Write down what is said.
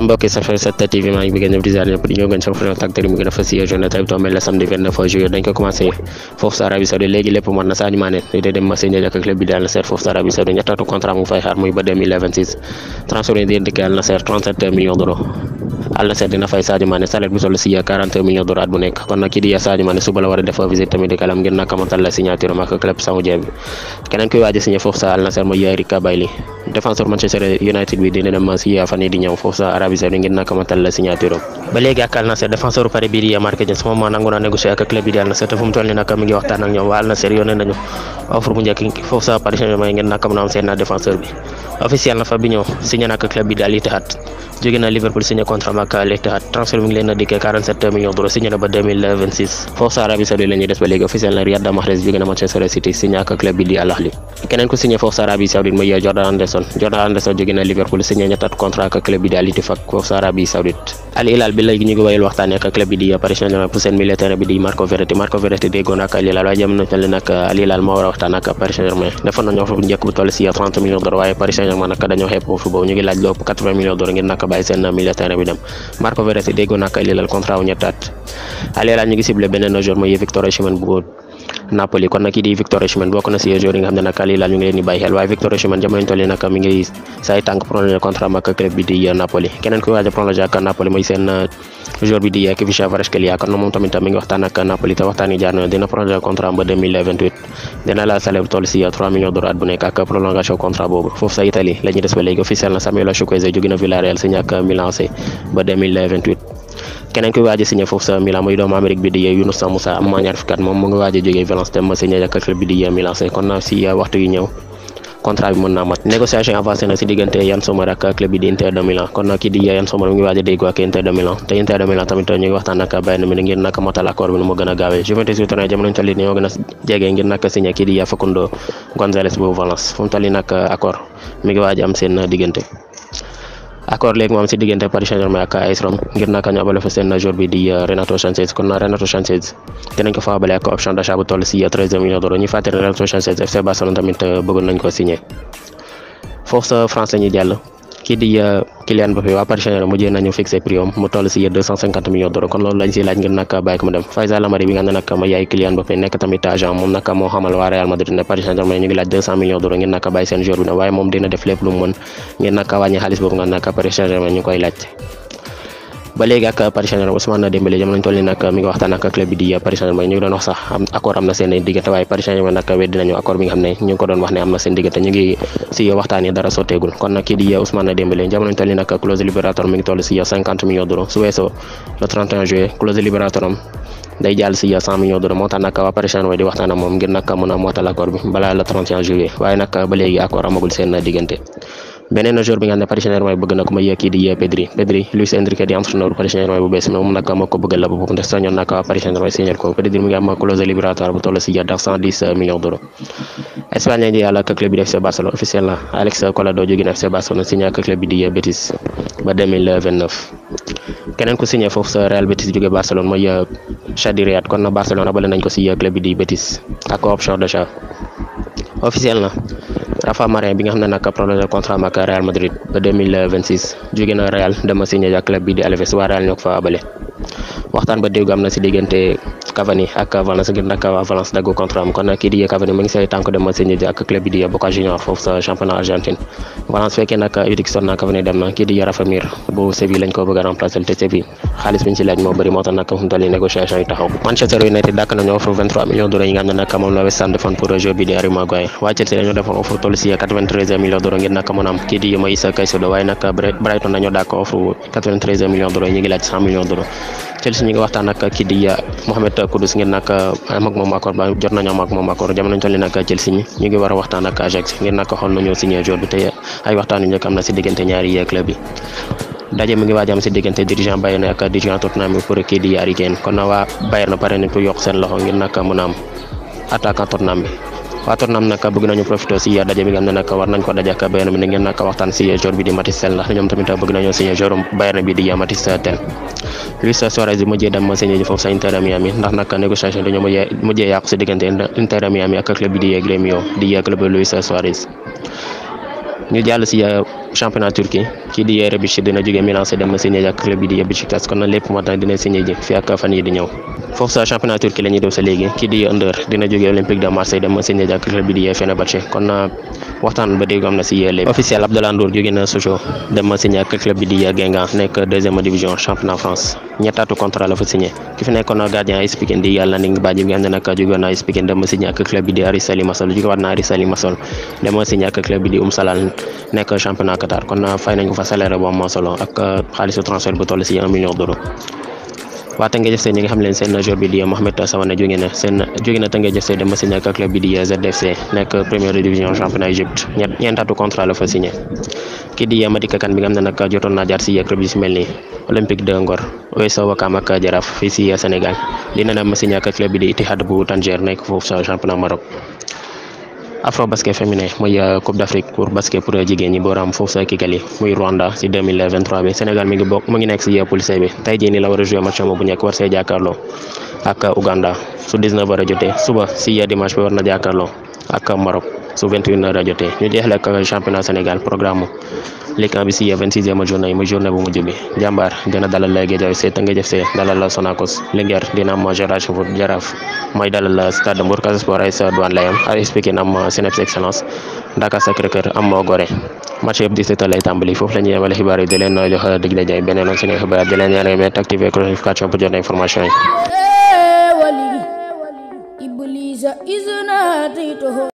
salaam mbokki safar 7 TV maa ngi bëgg a ñëw di ziar ñëpp di ñëw gën ci foofu ak tey mu gën a fas yéene journée tey tombé le samedi 29 juillet dañ ko commencé foofu sa Arabie Saoudite léegi lépp mën na Sadio Mané day dem Marseille ñëw ak club bi di Al Nassr foofu sa Arabie Saoudite ñettaatu contrat mu fay xaar muy ba 2026 transfert di Alla Seck dina fay Sadio Mané salaire bu toll si 41 millions d'euros at bu nekk kon nag kii di Sadio Mané suba la war a def visite médicale am ngir nakamatal la signature am ak club saoudien bi keneen kuy waaj a signé foofu sa Al Nassr mooy Yaya Kabyle défenseur Manchester United bi dina dem si fan yii di ñëw foofu sa Arabie Saoudite ngir nakamatal la signature am ba léegi ak Al Nassr défenseur Paris bii di Marc Diens moom moo nangu na négocier ak club bi di Al Nassr te fu mu toll nii nag mi ngi waxtaan ak ñoom waa Al Nassr yónnee nañu offre bu njëkk foofu sa Paris Saint-Germain ngir nakam na am seen défenseur bi officiel na fa bi ñëw signé na ak club bi di Al Ittihad jóge na Liverpool signé contrat ak l'Ittihad transfert bi ngi leen na dikkee 47 millions d'euros signé ba 2026 Arabie Saoudite la des ba léegi officiel na Riyad Mahrez jóge na Manchester City signé ak club bi di Al keneen ku signé foofu Arabie Saoudite mooy Jordan Anderson Jordan Anderson jóge na Liverpool signé ñetti contrat ak club bi di Al Ittifaq foofu Arabie Saoudite Al bi léegi ñu wayul waxtaan ak club bi di Paris saint pour seen milieu terrain bi di Marco Verratti Marco Verratti déggoon waaye jamono tali nag Al Hilal moo war waxtaan ak Paris Saint-Germain defoon nañu offre bu njëkk bu toll waaye Paris Saint-Germain nag dañoo xeeb offre boobu ngir nag bàyyi seen milieu terrain bi dem Marco Verratti déggoon ak Al contrat wu ñetti at Al Hilal ñu ngi ciblé mooy Napoli kon nag kii di Victor Osimhen bokk na si joueur yi nga xam ne nag Al-Hilal ñu ngi leen di xel waaye Victor Osimhen jamono ñu toll nag mi ngi say tànk contrat am ak club bi di euh, Napoli keneen ku waaj a prolongé ak Napoli mooy seen euh, euh, moom tamit mi ngi waxtaan ak Napoli te waxtaan yi jaar na dina prolongé contrat ba 2028 dina la salaire bu toll si 3 millions d'euros at bu nekk ak prolongation contrat boobu foofu sa Italie la des keneen ki waaj a signé foofu sa Milan muy doomu Amérique bi di yee Younouss Moussa am maa ñaar moom mu ngi waaj a ak Inter de Milan te Inter de Milan tamit uh, ñu ngi waxtaan ak Bayern Munich ngir naka motal accord bi nu mu gën a gaawee Juventus yu tane ñu toll nii ñoo gën a jege ngir naka signé kii di uh, Facundo Gonzalez bu Valence fu mu toll nii nag uh, accord ngi waaj am seen diggante accord léegi moom si diggante Paris Saint-Germain ak ngir naka ñu abale fa seen joueur bi di euh, Renato Sanchez kon Renato Sanchez dinañ ko fa abale ak option d'achat bu toll si 13 euh, millions d'euros ñuy fàttali Renato Sanchez FC Barcelone tamit euh, bëggoon nañ ko signé foofu sa France la ñuy kii di euh, Kylian Mbappé waa Paris Saint-Germain nañu fixé prix mu toll si deux cent cinquante kon loolu lañ si laaj ngir nag bàyyi ko dem Faisal Amari bi nga ne nag yaay Kylian Mbappé nekk tamit agent moom nag moo xamal waa Real Madrid ne Paris saint ñu laaj deux cent ngir nag bàyyi seen joueur bi dem waaye moom dina def lépp lu mën ngir nag wàññi xaalis boobu nga nag Paris saint ñu koy laaj ba léegi ak Paris Saint-Germain Ousmane Dembélé ñu toll nii nag waxtaan ak club bi di Paris Saint-Germain ñu ngi doon wax sax am am na seen diggante ñu ngi ko doon waxtaan yi dara sotteegul kon nag kii di Ousmane Dembélé jamono ñu toll nii nag clause mi ngi toll si 50 millions d'euros su weesoo le 31 juillet clause libératoire am moom ngir nag mën a mootal accord bi balaa le 31 juillet waaye nag ba léegi accord amagul seen beneen joueur bi nga xam ne Paris saint bëgg na ko ma yekki di yee Pedri Pedri Luis Enrique di entraîneur Paris saint bu bees moom nag moo ko bëggal la boppam ndax sañoon nag waa Paris Saint-Germain signé ko Pedri mi ngi am clause libératoire bu toll si jar ndax 110 millions d'euros Espagne lañ di yàlla ak club bi di FC Barcelone officiel la Alex Collado jóge na FC Barcelone signé ak club bi di Betis ba keneen ku signé foofu sa Real Betis jóge Barcelone mooy euh, Rafa Marin bi nga xam ne nag prolongé contrat am ak Real Madrid ba 2026 jóge Real dama signé club bi di Alavés waa ñoo fa abale waxtaan ba dégg am na si diggante Cavani ak Valence ginnaaw Valence dagg contrat am kon kii di Cavani mu ngi say tànk dem Manchester United ak club bi di Boca Juniors foofu sa championnat Argentine Valence fekkee nag Udinese na Cavani dem na kii di Rafa Mir bu Séville lañ ko bëgg a remplacer te Séville xaalis bi ñu si laaj moo bëri moo tax nag fu mu toll nii négociation yi taxaw Manchester United dàkk nañu offre 23 millions d'euros yi nga xam ne nag moom la West Ham defoon pour joueur bi di Harry Maguire waa Chelsea dañoo defoon offre toll si 93 millions d'euros ngir nag mën a am kii di Moïse Caicedo waaye nag Brighton dañoo dàkk offre 93 millions d'euros ñu ngi laaj 100 millions d'euros Chelsea ñu ngi waxtaan ak kii di euh, Mohamed Kudus ngir nag euh, am ak moom accord ba jot nañu am ak moom accord jamono ñu toll nag Chelsea ñi ñu ngi war a waxtaan ak Ajax ngir nag xool nañoo signé joueur bi te euh, ay waxtaan yu na si diggante ñaari club yi. daje mi ngi waaj am si diggante dirigeant Bayern ak dirigeant Tottenham pour kii di Harry Kane kon na waa Bayern pare nañ pour yokk seen loxo ngir nag mën a am attaquant Tottenham bi. waa Tottenham nag bëgg nañu profité si daje bi nga xam ne nag war nañ ko daje ak Bayern mi ni ngeen nag waxtaan si joueur bi di Mathys Tel ndax ñoom tamit bëgg nañoo signé joueur Bayern bi di Mathys Tel Luis Suarez bi mujjee dem signé ji foofu sa Inter Miami ndax nag négociation dañoo mujjee mujjee yàqu si diggante Inter Miami ak club bi di Grêmio di club Luis Suarez ñu jàll si euh, championnat turquie kii di Rebic dina jógee Milan AC dem na signé ak club bi di Beşiktaş kon nag lépp moo tax dina signé ji fi ak fan yi di ñëw foofu sa championnat turquie la ñuy def sa léegi kii di Önder dina jógee Olympique de Marseille dem na signé ak club bi di Fenerbahçe kon euh, waxtaan ba dégg am na si yële officiel Abdoulaye Ndour jóge na Sochaux dem signé ak club bi di Guingamp nekk deuxième division championnat France ñettaatu contrat la fa signé ki fi nekkoon gardien AS Pikine di Yàlla Landing Badji bi nga xam ne nag na AS Pikine di Aris Salim Masol jóge na Aris Salim Masol dem signé ak club bi di Um Salal nekk championnat Qatar kon fay nañ fa salaire bu am solo ak xaalisu transfert bu toll si un million waa Teungueth FC ñi nga xam leen seen joueur bi di Mohamed Sawane jóge na seen jóge na Teungueth FC dem ba club bi di ZFC nekk première division championnat Égypte ñeentaatu contrat la fa signé kii di Madické Kane bi nga xam ne nag jotoon na jaar si club yi si mel ni Olympique de Ngor AS Ouakam ak Jaraaf fii si Sénégal dina dem signé ak club bi di Ittihad bu Tanger nekk foofu sa championnat Maroc afro basket féminin mooy euh, coupe d'Afrique pour basket pour euh, jigéen ñi booram foofu sa Kigali muy Rwanda ci Sénégal mu ngi nekk ci poule C bi tey jii nii la war a jouer match am bu nekk war see jàkkaarloo ak euh, Uganda su 19 war a jotee suba si dimanche bi war na ak Maroc su 21 heures a jotee ñu jeexle ak championnat Sénégal programme Ligue 1 bi si yee 26e journée yi journée bu mujj bi jàmbaar dina dalal la Guédiawaye FC Teungueth FC dalal la Sonacos Linguère dina am Génération Foot Jaraaf mooy dalal la Stade de Mbour Casa Sport AS e Douane lay am AS Pikine am Cneps Excellence Dakar Sacré-Cœur am Gorée match yëpp 17 heures lay tàmbali foofu la ñuy yemale xibaar yi di leen jox dig daje beneen yoon suñu xibaar di leen yàlla